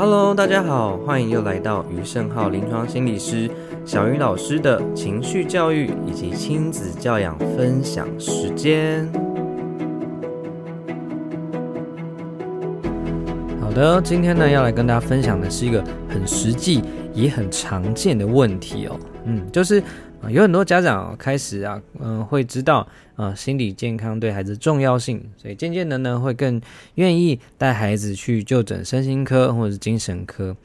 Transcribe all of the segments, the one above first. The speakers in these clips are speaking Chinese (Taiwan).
Hello，大家好，歡迎又來到余勝皓臨床心理師小魚老師的情緒教育以及親子教養分享時間。好的，今天呢，要來跟大家分享的是一個很實際也很常見的問題哦。嗯，就是有很多家長開始啊，嗯，會知道啊、呃、心理健康對孩子重要性，所以漸漸的呢，會更願意帶孩子去就診身心科或者精神科。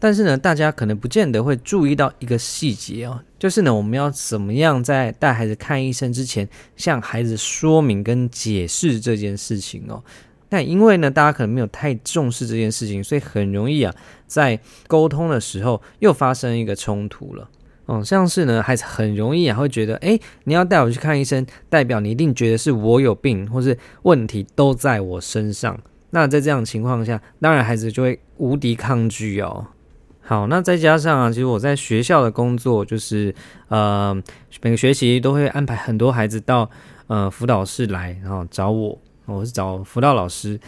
但是呢，大家可能不見得會注意到一個細節哦，就是呢，我們要怎麼樣在帶孩子看醫生之前，向孩子說明跟解釋這件事情哦。但因為呢，大家可能沒有太重視這件事情，所以很容易啊，在溝通的時候又發生一個衝突了。嗯、哦，像是呢，孩子很容易也、啊、會覺得，哎，你要帶我去看醫生，代表你一定覺得是我有病，或是問題都在我身上。那在這樣情況下，當然孩子就會無敵抗拒哦。好，那再加上啊，其實我在學校的工作就是，呃，每個學期都會安排很多孩子到呃輔導室來，然後找我，我是找輔導老師。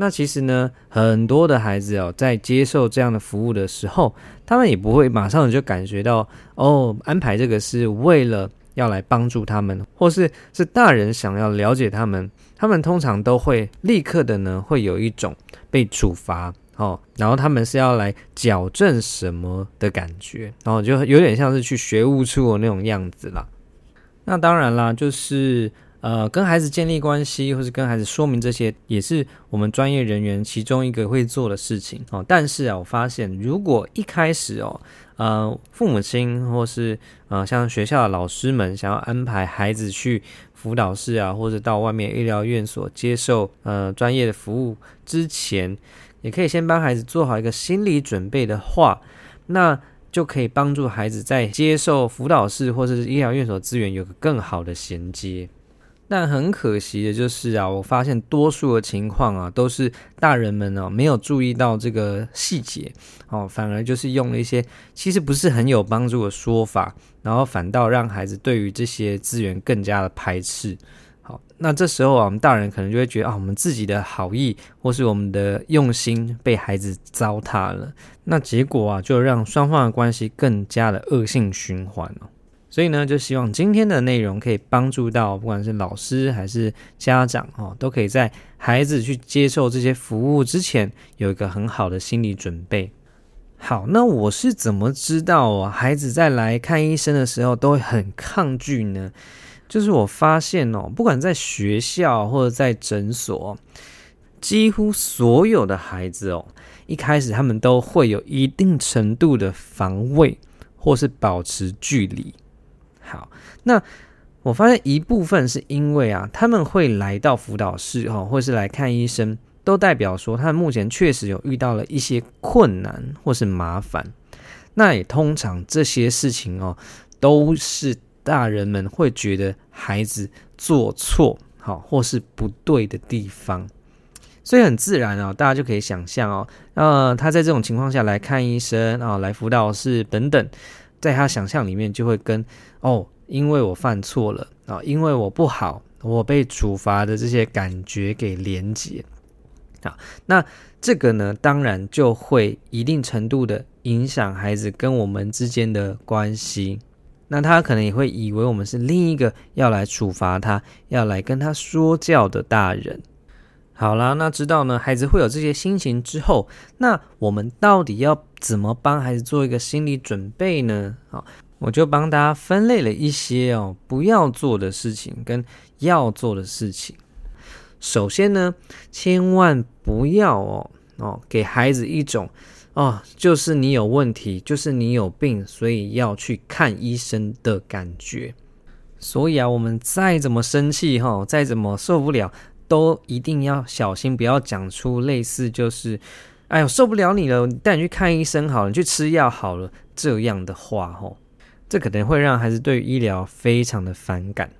那其實呢，很多的孩子哦，在接受這樣的服務的時候，他們也不會馬上就感覺到哦，安排這個是為了要來幫助他們，或是是大人想要了解他們，他們通常都會立刻的呢，會有一種被處罰哦，然後他們是要來矯正什麼的感覺，哦，然後就有點像是去學務處的那種樣子啦。那當然啦，就是。呃，跟孩子建立關係，或是跟孩子說明這些，也是我們專業人員其中一個會做的事情哦。但是啊，我發現如果一開始哦，呃，父母親或是呃，像學校的老師們想要安排孩子去輔導室啊，或者到外面醫療院所接受呃專業的服務之前，也可以先幫孩子做好一個心理準備的話，那就可以幫助孩子在接受輔導室或者是醫療院所資源有個更好的銜接。但很可惜的就是啊，我發現多數的情況啊，都是大人們呢，啊，沒有注意到這個細節哦，反而就是用了一些其實不是很有幫助的說法，然後反倒讓孩子對於這些資源更加的排斥。好，那這時候啊，我們大人可能就會覺得啊，我們自己的好意或是我們的用心被孩子糟蹋了，那結果啊，就讓雙方的關係更加的惡性循環。所以呢，就希望今天的內容可以幫助到不管是老師還是家長哦，都可以在孩子去接受這些服務之前有一個很好的心理準備。好，那我是怎麼知道哦，孩子在來看醫生的時候都會很抗拒呢？就是我發現哦，不管在學校或者在診所，幾乎所有的孩子哦，一開始他們都會有一定程度的防衛或是保持距離。好，那我發現一部分是因為啊，他們會來到輔導室哦，或是來看醫生，都代表說他們目前確實有遇到了一些困難或是麻煩。那也通常這些事情哦，都是大人們會覺得孩子做錯好或是不對的地方，所以很自然哦，大家就可以想象哦，呃、他在這種情況下來看醫生啊，哦，來輔導室等等。在他想象裡面，就會跟哦，因為我犯錯了啊，因為我不好，我被處罰的這些感覺給連接。好，那這個呢，當然就會一定程度的影響孩子跟我們之間的關係，那他可能也會以為我們是另一個要來處罰他，要來跟他說教的大人。好啦，那知道呢，孩子會有這些心情之後，那我們到底要怎麼幫孩子做一個心理準備呢？啊，我就幫大家分類了一些哦，不要做的事情跟要做的事情。首先呢，千萬不要哦哦給孩子一種哦，就是你有問題，就是你有病，所以要去看醫生的感覺。所以啊，我們再怎麼生氣哈、哦，再怎麼受不了。都一定要小心，不要講出類似就是，哎呀，受不了你了，帶你，你去看醫生好了，你去吃藥好了這樣的話，哦，這可能會讓孩子對醫療非常的反感。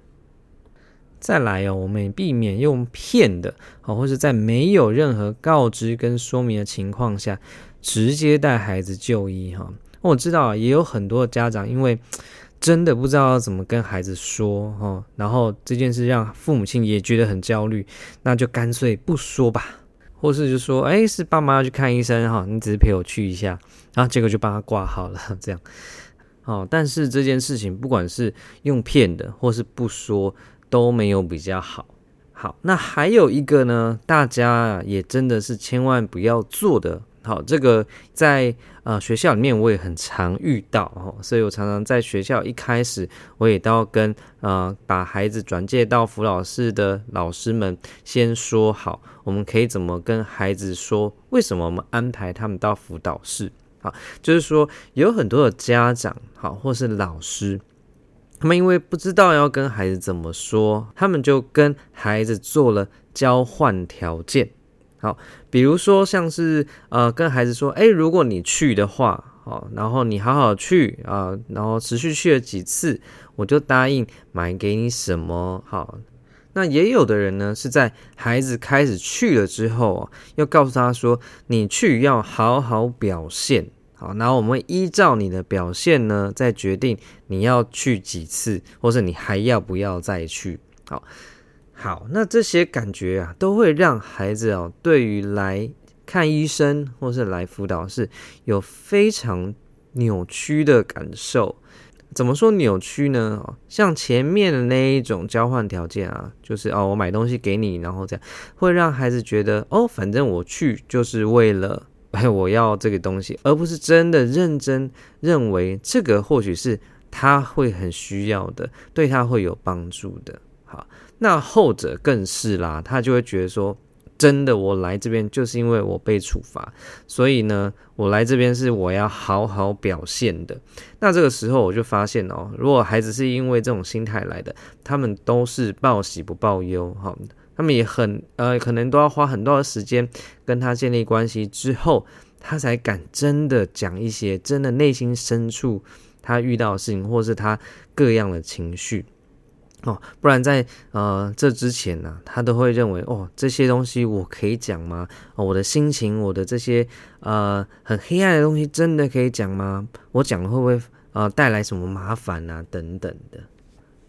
再來哦，我們也避免用騙的，或者在沒有任何告知跟說明的情況下，直接帶孩子就醫，哈，哦。我知道也有很多的家長因為。真的不知道要怎麼跟孩子說哦，然後這件事讓父母親也覺得很焦慮，那就乾脆不說吧，或是就說，哎，是爸媽要去看醫生哈，你只是陪我去一下，然後結果就幫他掛好了這樣。哦，但是這件事情不管是用騙的或是不說，都沒有比較好。好，那還有一個呢，大家也真的是千萬不要做的。好，這個在呃學校裡面我也很常遇到哦，所以我常常在學校一開始我也都要跟呃把孩子轉介到輔導室的老師們先說好，我們可以怎麼跟孩子說，為什麼我們安排他們到輔導室？好，就是說有很多的家長好或是老師，他們因為不知道要跟孩子怎麼說，他們就跟孩子做了交換條件。好，比如說像是呃，跟孩子說，誒，如果你去的話，好，然後你好好去啊，然後持續去了幾次，我就答應買給你什麼。好，那也有的人呢，是在孩子開始去了之後又要告訴他說，你去要好好表現，好，那我們依照你的表現呢，再決定你要去幾次，或是你還要不要再去，好。好，那這些感覺啊，都會讓孩子哦，對於來看醫生或是來輔導室，有非常扭曲的感受。怎麼說扭曲呢？像前面的那一種交換條件啊，就是哦，我買東西給你，然後這樣，會讓孩子覺得哦，反正我去就是為了哎，我要這個東西，而不是真的認真認為這個或許是他會很需要的，對他會有幫助的。好，那後者更是啦，他就會覺得說，真的，我來這邊就是因為我被處罰，所以呢，我來這邊是我要好好表現的。那這個時候我就發現哦，如果孩子是因為這種心態來的，他們都是報喜不報憂，好，他們也很呃，可能都要花很多的時間跟他建立關係之後，他才敢真的講一些真的內心深處他遇到的事情，或是他各樣的情緒。哦，不然在呃這之前呢、啊，他都會認為哦，這些東西我可以講嗎？哦、我的心情，我的這些呃很黑暗的東西，真的可以講嗎？我講了會不會啊、呃、帶來什麼麻煩啊等等的。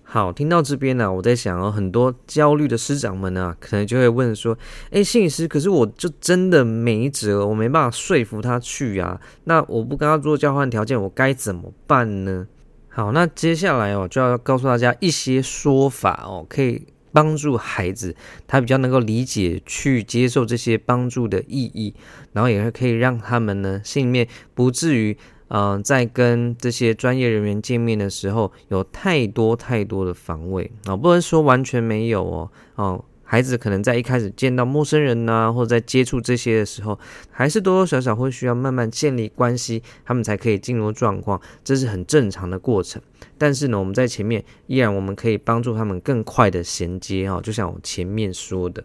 好，聽到這邊呢、啊，我在想哦，很多焦慮的師長們呢、啊，可能就會問說，哎，心理師，可是我就真的沒轍，我沒辦法說服他去啊，那我不跟他做交換條件，我該怎麼辦呢？好，那接下來我就要告訴大家一些說法哦，可以幫助孩子他比較能夠理解去接受這些幫助的意義，然後也是可以讓他們呢，心裡面不至於嗯、呃，在跟這些專業人員見面的時候有太多太多的防衛啊，不能說完全沒有哦，哦、呃。孩子可能在一開始見到陌生人啊，或者在接觸這些的時候，還是多多少少會需要慢慢建立關係，他們才可以進入狀況，這是很正常的過程。但是呢，我們在前面依然我們可以幫助他們更快的銜接哦，就像我前面說的。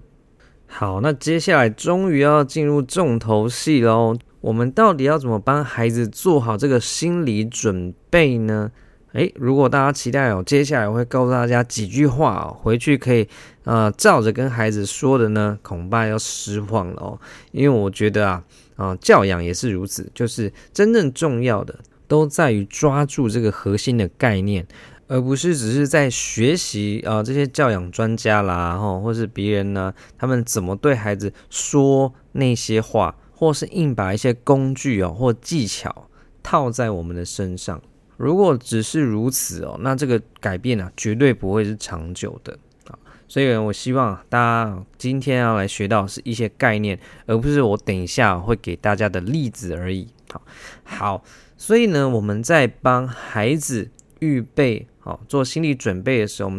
好，那接下來終於要進入重頭戲嘍，我們到底要怎麼幫孩子做好這個心理準備呢？哎，如果大家期待哦，接下來我會告訴大家幾句話哦，回去可以啊、呃、照着跟孩子說的呢，恐怕要失望了哦。因為我覺得啊啊、呃、教養也是如此，就是真正重要的都在於抓住這個核心的概念，而不是只是在學習啊、呃、這些教養專家啦，哈、哦，或是別人呢他們怎麼對孩子說那些話，或是硬把一些工具哦或技巧套在我們的身上。如果只是如此哦，那這個改變呢，啊，絕對不會是長久的啊。所以，我希望大家今天要來學到是一些概念，而不是我等一下會給大家的例子而已。好，好，所以呢，我們在幫孩子預備哦，做心理準備的時候，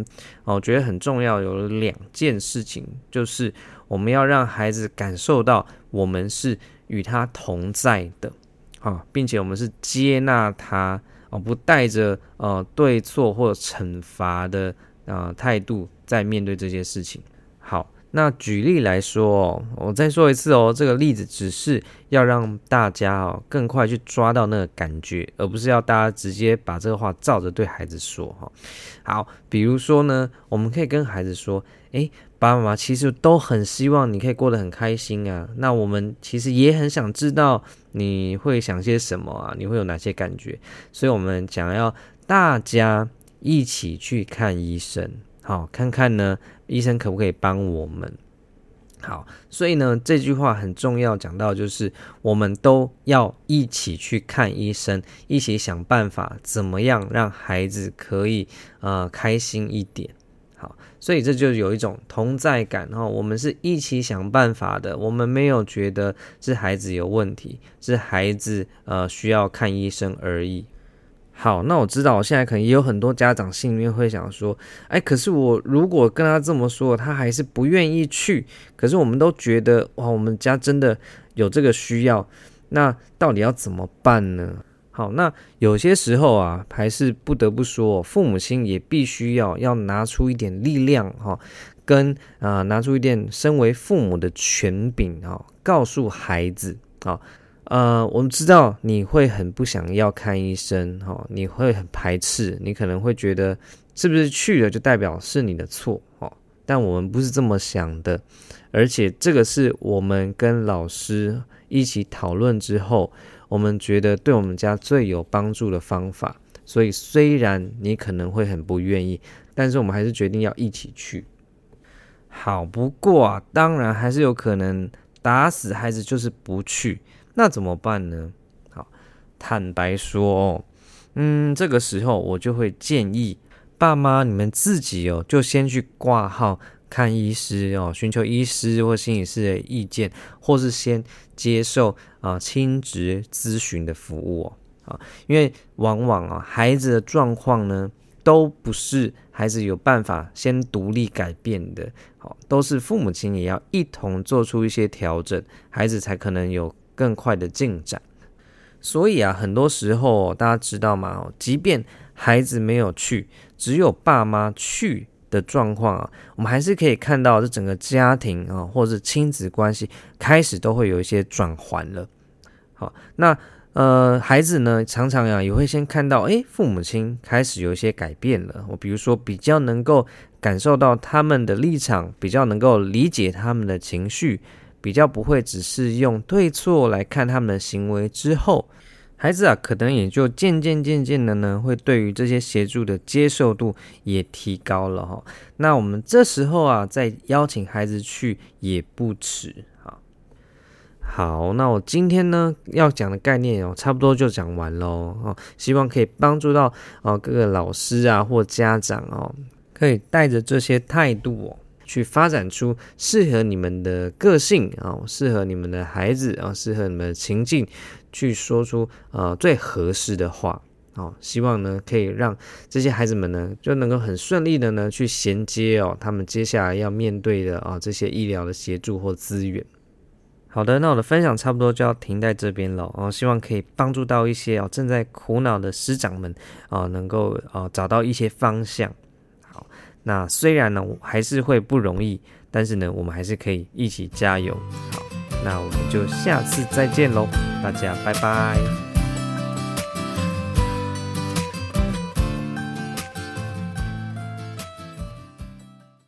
我覺得很重要有兩件事情，就是我們要讓孩子感受到我們是與他同在的啊，並且我們是接納他。哦，不帶着呃對錯或懲罰的啊、呃、態度在面對這些事情，好。那舉例來說哦，我再說一次哦，這個例子只是要讓大家哦更快去抓到那個感覺，而不是要大家直接把這個話照着對孩子說哈。好，比如說呢，我們可以跟孩子說，哎，爸爸媽媽其實都很希望你可以過得很開心啊。那我們其實也很想知道你會想些什麼啊，你會有哪些感覺？所以我們想要大家一起去看醫生，好，看看呢。醫生可不可以幫我們？好，所以呢，這句話很重要，講到就是我們都要一起去看醫生，一起想辦法，怎麼樣讓孩子可以呃開心一點。好，所以這就有一種同在感哈，我們是一起想辦法的，我們沒有覺得是孩子有問題，是孩子呃需要看醫生而已。好，那我知道，現在可能也有很多家長心裡面會想說，哎，可是我如果跟他這麼說，他還是不願意去。可是我們都覺得，哇，我們家真的有這個需要，那到底要怎麼辦呢？好，那有些時候啊，還是不得不說，父母親也必須要要拿出一點力量哈，跟啊、呃、拿出一點身為父母的權柄啊，告訴孩子啊。好呃，我們知道你會很不想要看醫生，哈，你會很排斥，你可能會覺得是不是去了就代表是你的錯，哈。但我們不是這麼想的，而且這個是我們跟老師一起討論之後，我們覺得對我們家最有幫助的方法。所以雖然你可能會很不願意，但是我們還是決定要一起去。好，不過啊，當然還是有可能打死孩子就是不去。那怎麼辦呢？好，坦白說哦，嗯，這個時候我就會建議爸媽，你們自己哦，就先去掛號看醫師哦，尋求醫師或心理師的意見，或是先接受啊親職諮詢的服務哦，啊，因為往往啊孩子的狀況呢，都不是孩子有辦法先獨立改變的，好，都是父母親也要一同做出一些調整，孩子才可能有。更快的進展，所以啊，很多時候大家知道嗎？即便孩子沒有去，只有爸媽去的狀況啊，我們還是可以看到這整個家庭啊，或者是親子關係開始都會有一些轉圜了。好，那呃，孩子呢，常常呀也會先看到，哎、欸，父母親開始有一些改變了。我比如說，比較能夠感受到他們的立場，比較能夠理解他們的情緒。比較不會只是用對錯來看他們的行為之後，孩子啊，可能也就漸漸漸漸的呢，會對於這些協助的接受度也提高了哈哦。那我們這時候啊，再邀請孩子去也不遲啊。好，那我今天呢，要講的概念哦，差不多就講完嘍哦，希望可以幫助到哦各個老師啊或家長哦，可以帶着這些態度哦。去發展出適合你們的個性啊，適合你們的孩子啊，適合你們的情境，去說出啊最合適的話啊。希望呢，可以讓這些孩子們呢，就能夠很順利的呢，去銜接哦，他們接下來要面對的啊這些醫療的協助或資源。好的，那我的分享差不多就要停在這邊了啊，希望可以幫助到一些哦正在苦惱的師長們啊，能夠啊找到一些方向。那雖然呢，還是會不容易，但是呢，我們還是可以一起加油。好，那我們就下次再見嘍，大家拜拜。